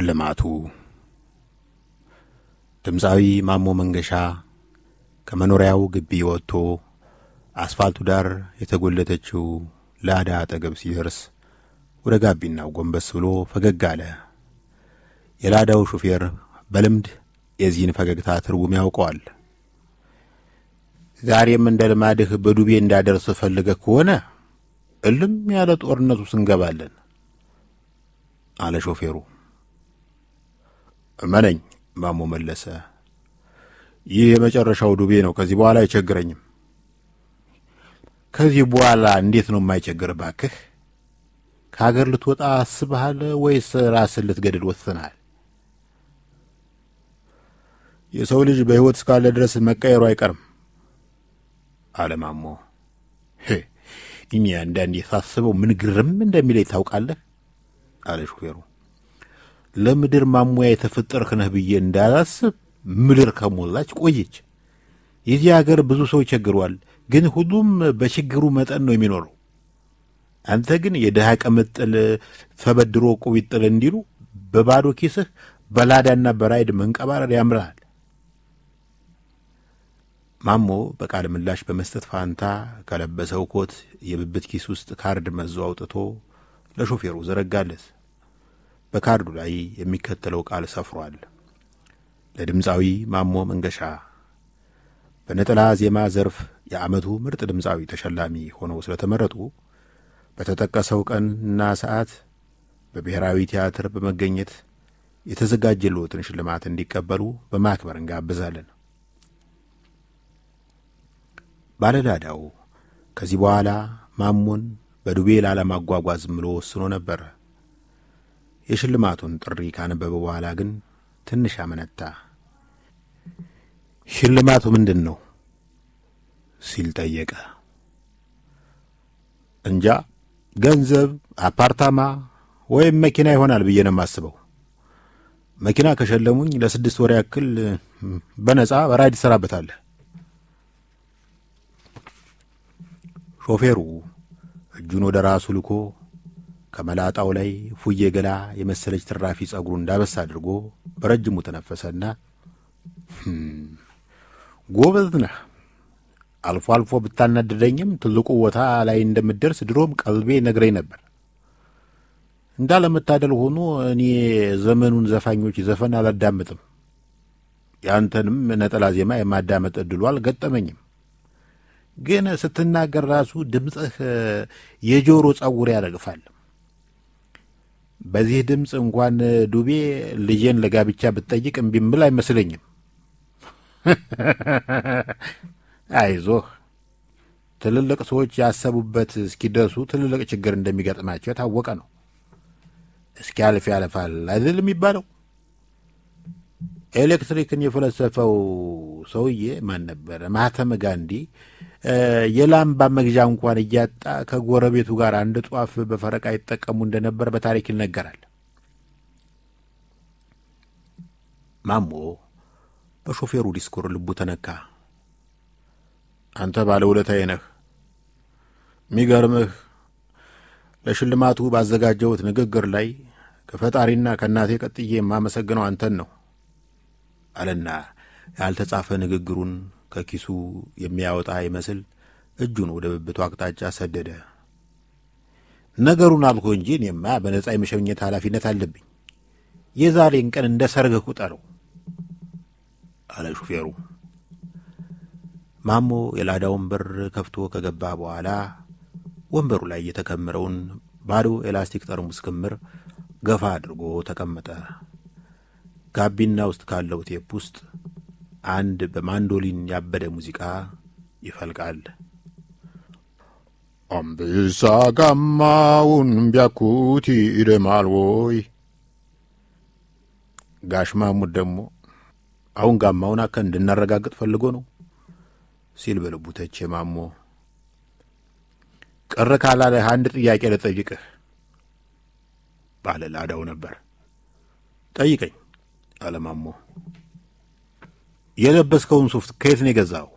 ሽልማቱ ድምፃዊ ማሞ መንገሻ ከመኖሪያው ግቢ ወጥቶ አስፋልቱ ዳር የተጎለተችው ላዳ አጠገብ ሲደርስ ወደ ጋቢናው ጎንበስ ብሎ ፈገግ አለ። የላዳው ሹፌር በልምድ የዚህን ፈገግታ ትርጉም ያውቀዋል። ዛሬም እንደ ልማድህ በዱቤ እንዳደርስ ፈልገህ ከሆነ እልም ያለ ጦርነቱ ስንገባለን አለ ሾፌሩ። እመነኝ ማሞ መለሰ። ይህ የመጨረሻው ዱቤ ነው። ከዚህ በኋላ አይቸግረኝም። ከዚህ በኋላ እንዴት ነው የማይቸግር? ባክህ ከሀገር ልትወጣ አስበሃል ወይስ ራስን ልትገድል ወስነሃል? የሰው ልጅ በሕይወት እስካለ ድረስ መቀየሩ አይቀርም አለማሞ። እኔ አንዳንዴ ሳስበው ምን ግርም እንደሚለኝ ታውቃለህ? አለ ሹፌሩ። ለምድር ማሙያ የተፈጠርክ ነህ ብዬ እንዳላስብ ምድር ከሞላች ቆየች። የዚህ አገር ብዙ ሰው ቸግሯል፣ ግን ሁሉም በችግሩ መጠን ነው የሚኖረው። አንተ ግን የድሃ ቅምጥል ተበድሮ ቁቢጥል እንዲሉ በባዶ ኪስህ በላዳና በራይድ መንቀባረር ያምርሃል። ማሞ በቃል ምላሽ በመስጠት ፋንታ ከለበሰው ኮት የብብት ኪስ ውስጥ ካርድ መዞ አውጥቶ ለሾፌሩ ዘረጋለት። በካርዱ ላይ የሚከተለው ቃል ሰፍሯል። ለድምፃዊ ማሞ መንገሻ በነጠላ ዜማ ዘርፍ የዓመቱ ምርጥ ድምፃዊ ተሸላሚ ሆነው ስለተመረጡ በተጠቀሰው ቀንና ሰዓት በብሔራዊ ቲያትር በመገኘት የተዘጋጀልዎትን ሽልማት እንዲቀበሉ በማክበር እንጋብዛለን። ባለዳዳው ከዚህ በኋላ ማሞን በዱቤ ላለማጓጓዝ ምሎ ወስኖ ነበር። የሽልማቱን ጥሪ ካነበበ በኋላ ግን ትንሽ አመነታ። ሽልማቱ ምንድን ነው ሲል ጠየቀ። እንጃ፣ ገንዘብ፣ አፓርታማ ወይም መኪና ይሆናል ብዬ ነው የማስበው። መኪና ከሸለሙኝ ለስድስት ወር ያክል በነጻ በራይድ ትሰራበታለህ። ሾፌሩ እጁን ወደ ራሱ ልኮ ከመላጣው ላይ ፉዬ ገላ የመሰለች ትራፊ ጸጉሩ እንዳበስ አድርጎ በረጅሙ ተነፈሰና ጎበዝ ነህ፣ አልፎ አልፎ ብታናድደኝም ትልቁ ቦታ ላይ እንደምደርስ ድሮም ቀልቤ ነግረኝ ነበር። እንዳለመታደል ሆኖ እኔ ዘመኑን ዘፋኞች ዘፈን አላዳምጥም። ያንተንም ነጠላ ዜማ የማዳመጥ እድሉ አልገጠመኝም። ግን ስትናገር ራሱ ድምፅህ የጆሮ ጸጉር ያረግፋል። በዚህ ድምፅ እንኳን ዱቤ ልጄን ለጋብቻ ብትጠይቅ እምቢ እምል አይመስለኝም። አይዞህ፣ ትልልቅ ሰዎች ያሰቡበት እስኪደርሱ ትልልቅ ችግር እንደሚገጥማቸው የታወቀ ነው። እስኪያልፍ ያልፋል አይደል የሚባለው? ኤሌክትሪክን የፈለሰፈው ሰውዬ ማን ነበረ? ማህተመ ጋንዲ የላምባ መግዣ እንኳን እያጣ ከጎረቤቱ ጋር አንድ ጧፍ በፈረቃ ይጠቀሙ እንደነበር በታሪክ ይነገራል። ማሞ በሾፌሩ ዲስኩር ልቡ ተነካ። አንተ ባለ ውለታዬ ነህ። የሚገርምህ ለሽልማቱ ባዘጋጀሁት ንግግር ላይ ከፈጣሪና ከእናቴ ቀጥዬ የማመሰግነው አንተን ነው አለና ያልተጻፈ ንግግሩን ከኪሱ የሚያወጣ ይመስል እጁን ወደ ብብቱ አቅጣጫ ሰደደ። ነገሩን አልኩህ እንጂ እኔማ በነጻ የመሸኘት ኃላፊነት አለብኝ። የዛሬን ቀን እንደ ሰርግ ቁጠረው አለ ሹፌሩ። ማሞ የላዳውን በር ከፍቶ ከገባ በኋላ ወንበሩ ላይ የተከመረውን ባዶ ኤላስቲክ ጠርሙስ ክምር ገፋ አድርጎ ተቀመጠ። ጋቢና ውስጥ ካለው ቴፕ ውስጥ አንድ በማንዶሊን ያበደ ሙዚቃ ይፈልቃል። አንበሳ ጋማውን ቢያኩት ይደማል ወይ? ጋሽ ማሙድ ደግሞ አሁን ጋማውን አከ እንድናረጋግጥ ፈልጎ ነው ሲል በልቡ ተቼ ማሞ ቅር ካላለህ አንድ ጥያቄ ልጠይቅህ ባለ ላዳው ነበር። ጠይቀኝ አለማሞ የለበስከውን ሱፍ ከየት ነው የገዛው?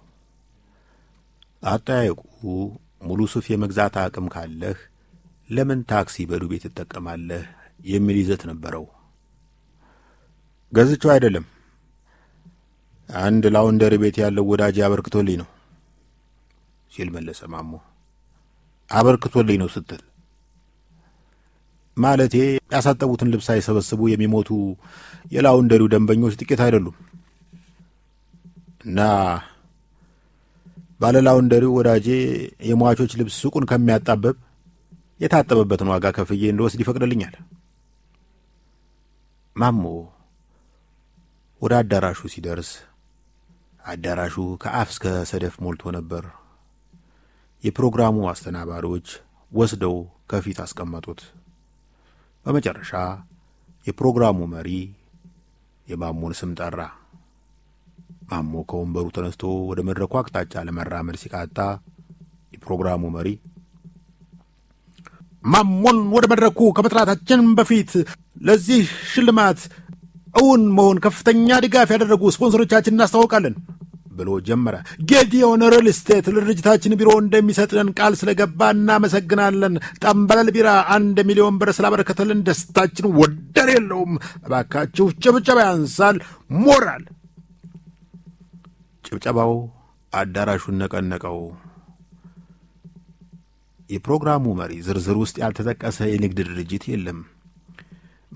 አጠያየቁ ሙሉ ሱፍ የመግዛት አቅም ካለህ ለምን ታክሲ በዱቤ ትጠቀማለህ የሚል ይዘት ነበረው። ገዝቼው አይደለም፣ አንድ ላውንደሪ ቤት ያለው ወዳጅ አበርክቶልኝ ነው ሲል መለሰ ማሞ። አበርክቶልኝ ነው ስትል ማለቴ ያሳጠቡትን ልብስ ሳይሰበስቡ የሚሞቱ የላውንደሪው ደንበኞች ጥቂት አይደሉም። እና ባለላውንደሪው ወዳጄ የሟቾች ልብስ ሱቁን ከሚያጣበብ የታጠበበትን ዋጋ ከፍዬ እንደወስድ ይፈቅድልኛል። ማሞ ወደ አዳራሹ ሲደርስ አዳራሹ ከአፍ እስከ ሰደፍ ሞልቶ ነበር። የፕሮግራሙ አስተናባሪዎች ወስደው ከፊት አስቀመጡት። በመጨረሻ የፕሮግራሙ መሪ የማሞን ስም ጠራ። አሞ ከወንበሩ ተነስቶ ወደ መድረኩ አቅጣጫ ለመራመድ ሲቃጣ የፕሮግራሙ መሪ ማሞን ወደ መድረኩ ከመጥራታችን በፊት ለዚህ ሽልማት እውን መሆን ከፍተኛ ድጋፍ ያደረጉ ስፖንሰሮቻችን እናስታውቃለን ብሎ ጀመረ። ጌዲዮን ሪል ስቴት ለድርጅታችን ቢሮ እንደሚሰጥን ቃል ስለገባ እናመሰግናለን። ጠንበለል ቢራ አንድ ሚሊዮን ብር ስላበረከተልን ደስታችን ወደር የለውም። እባካችሁ ጭብጨባ ያንሳል ሞራል ጭብጨባው አዳራሹን ነቀነቀው። የፕሮግራሙ መሪ ዝርዝር ውስጥ ያልተጠቀሰ የንግድ ድርጅት የለም።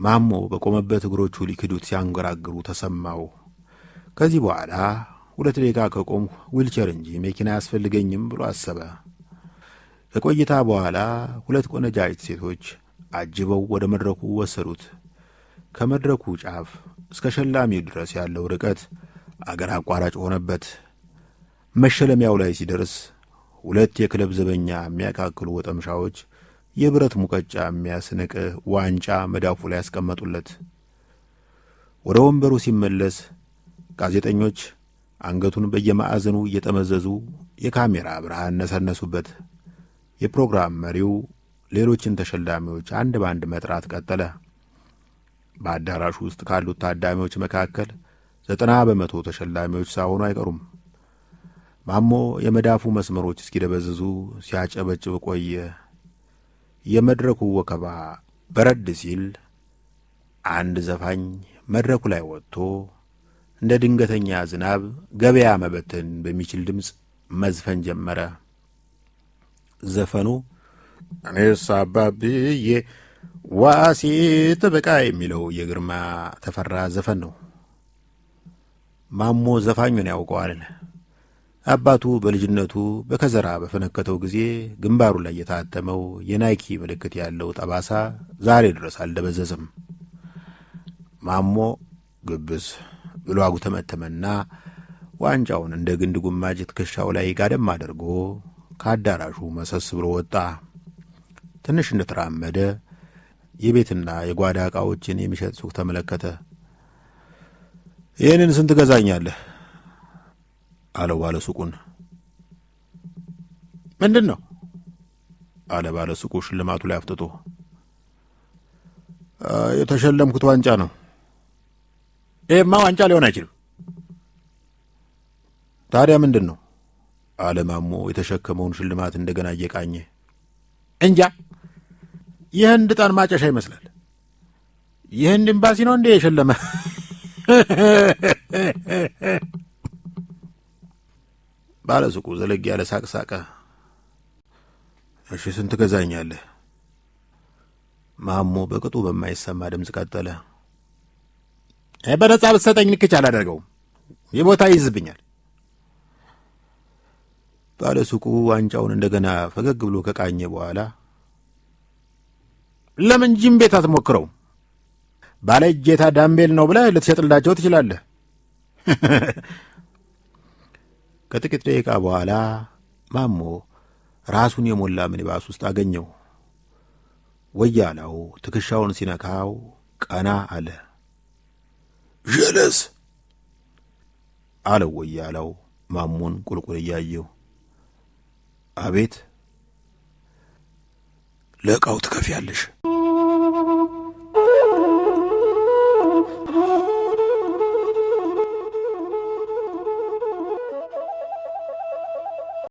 ማሞ በቆመበት እግሮቹ ሊክዱት ሲያንገራግሩ ተሰማው። ከዚህ በኋላ ሁለት ደቂቃ ከቆም ዊልቸር እንጂ መኪና አያስፈልገኝም ብሎ አሰበ። ከቆይታ በኋላ ሁለት ቆነጃጅት ሴቶች አጅበው ወደ መድረኩ ወሰዱት። ከመድረኩ ጫፍ እስከ ሸላሚው ድረስ ያለው ርቀት አገር አቋራጭ ሆነበት። መሸለሚያው ላይ ሲደርስ ሁለት የክለብ ዘበኛ የሚያካክሉ ወጠምሻዎች የብረት ሙቀጫ የሚያስንቅ ዋንጫ መዳፉ ላይ ያስቀመጡለት። ወደ ወንበሩ ሲመለስ ጋዜጠኞች አንገቱን በየማዕዘኑ እየጠመዘዙ የካሜራ ብርሃን ነሰነሱበት። የፕሮግራም መሪው ሌሎችን ተሸላሚዎች አንድ በአንድ መጥራት ቀጠለ። በአዳራሹ ውስጥ ካሉት ታዳሚዎች መካከል ዘጠና በመቶ ተሸላሚዎች ሳይሆኑ አይቀሩም። ማሞ የመዳፉ መስመሮች እስኪደበዝዙ ሲያጨበጭብ ቆየ። የመድረኩ ወከባ በረድ ሲል አንድ ዘፋኝ መድረኩ ላይ ወጥቶ እንደ ድንገተኛ ዝናብ ገበያ መበተን በሚችል ድምፅ መዝፈን ጀመረ። ዘፈኑ እኔስ አባብዬ ዋሴ ጥበቃ የሚለው የግርማ ተፈራ ዘፈን ነው። ማሞ ዘፋኙን ያውቀዋል። አባቱ በልጅነቱ በከዘራ በፈነከተው ጊዜ ግንባሩ ላይ የታተመው የናይኪ ምልክት ያለው ጠባሳ ዛሬ ድረስ አልደበዘዝም። ማሞ ግብዝ ብሎ አጉተመተመና ዋንጫውን እንደ ግንድ ጉማጅ ትከሻው ላይ ጋደም አድርጎ ከአዳራሹ መሰስ ብሎ ወጣ። ትንሽ እንደተራመደ የቤትና የጓዳ ዕቃዎችን የሚሸጥ ሱቅ ተመለከተ። ይህንን ስንት ገዛኛለህ? አለው ባለ ሱቁን። ምንድን ነው አለ ባለ ሱቁ ሽልማቱ ላይ አፍጥጦ። የተሸለምኩት ዋንጫ ነው። ይህማ ዋንጫ ሊሆን አይችልም። ታዲያ ምንድን ነው አለ ማሞ የተሸከመውን ሽልማት እንደገና እየቃኘ። እንጃ ይህን ድጣን ማጨሻ ይመስላል። ይህን ኤምባሲ ነው እንዴ የሸለመ ባለ ሱቁ ዘለግ ያለ ሳቅ ሳቀ። እሺ ስንት ገዛኛለህ? ማሞ በቅጡ በማይሰማ ድምፅ ቀጠለ። በነጻ ብትሰጠኝ ንክች አላደርገውም። ይህ ቦታ ይይዝብኛል። ባለ ሱቁ ዋንጫውን እንደገና ፈገግ ብሎ ከቃኘ በኋላ ለምን ጅም ቤት አትሞክረውም? ባለ እጀታ ዳምቤል ነው ብለህ ልትሸጥላቸው ትችላለህ። ከጥቂት ደቂቃ በኋላ ማሞ ራሱን የሞላ ምኒባስ ውስጥ አገኘው። ወያላው ትከሻውን ሲነካው ቀና አለ። ዠለስ አለው ወያላው ማሞን ቁልቁል እያየው። አቤት ለቃው ትከፍያለሽ።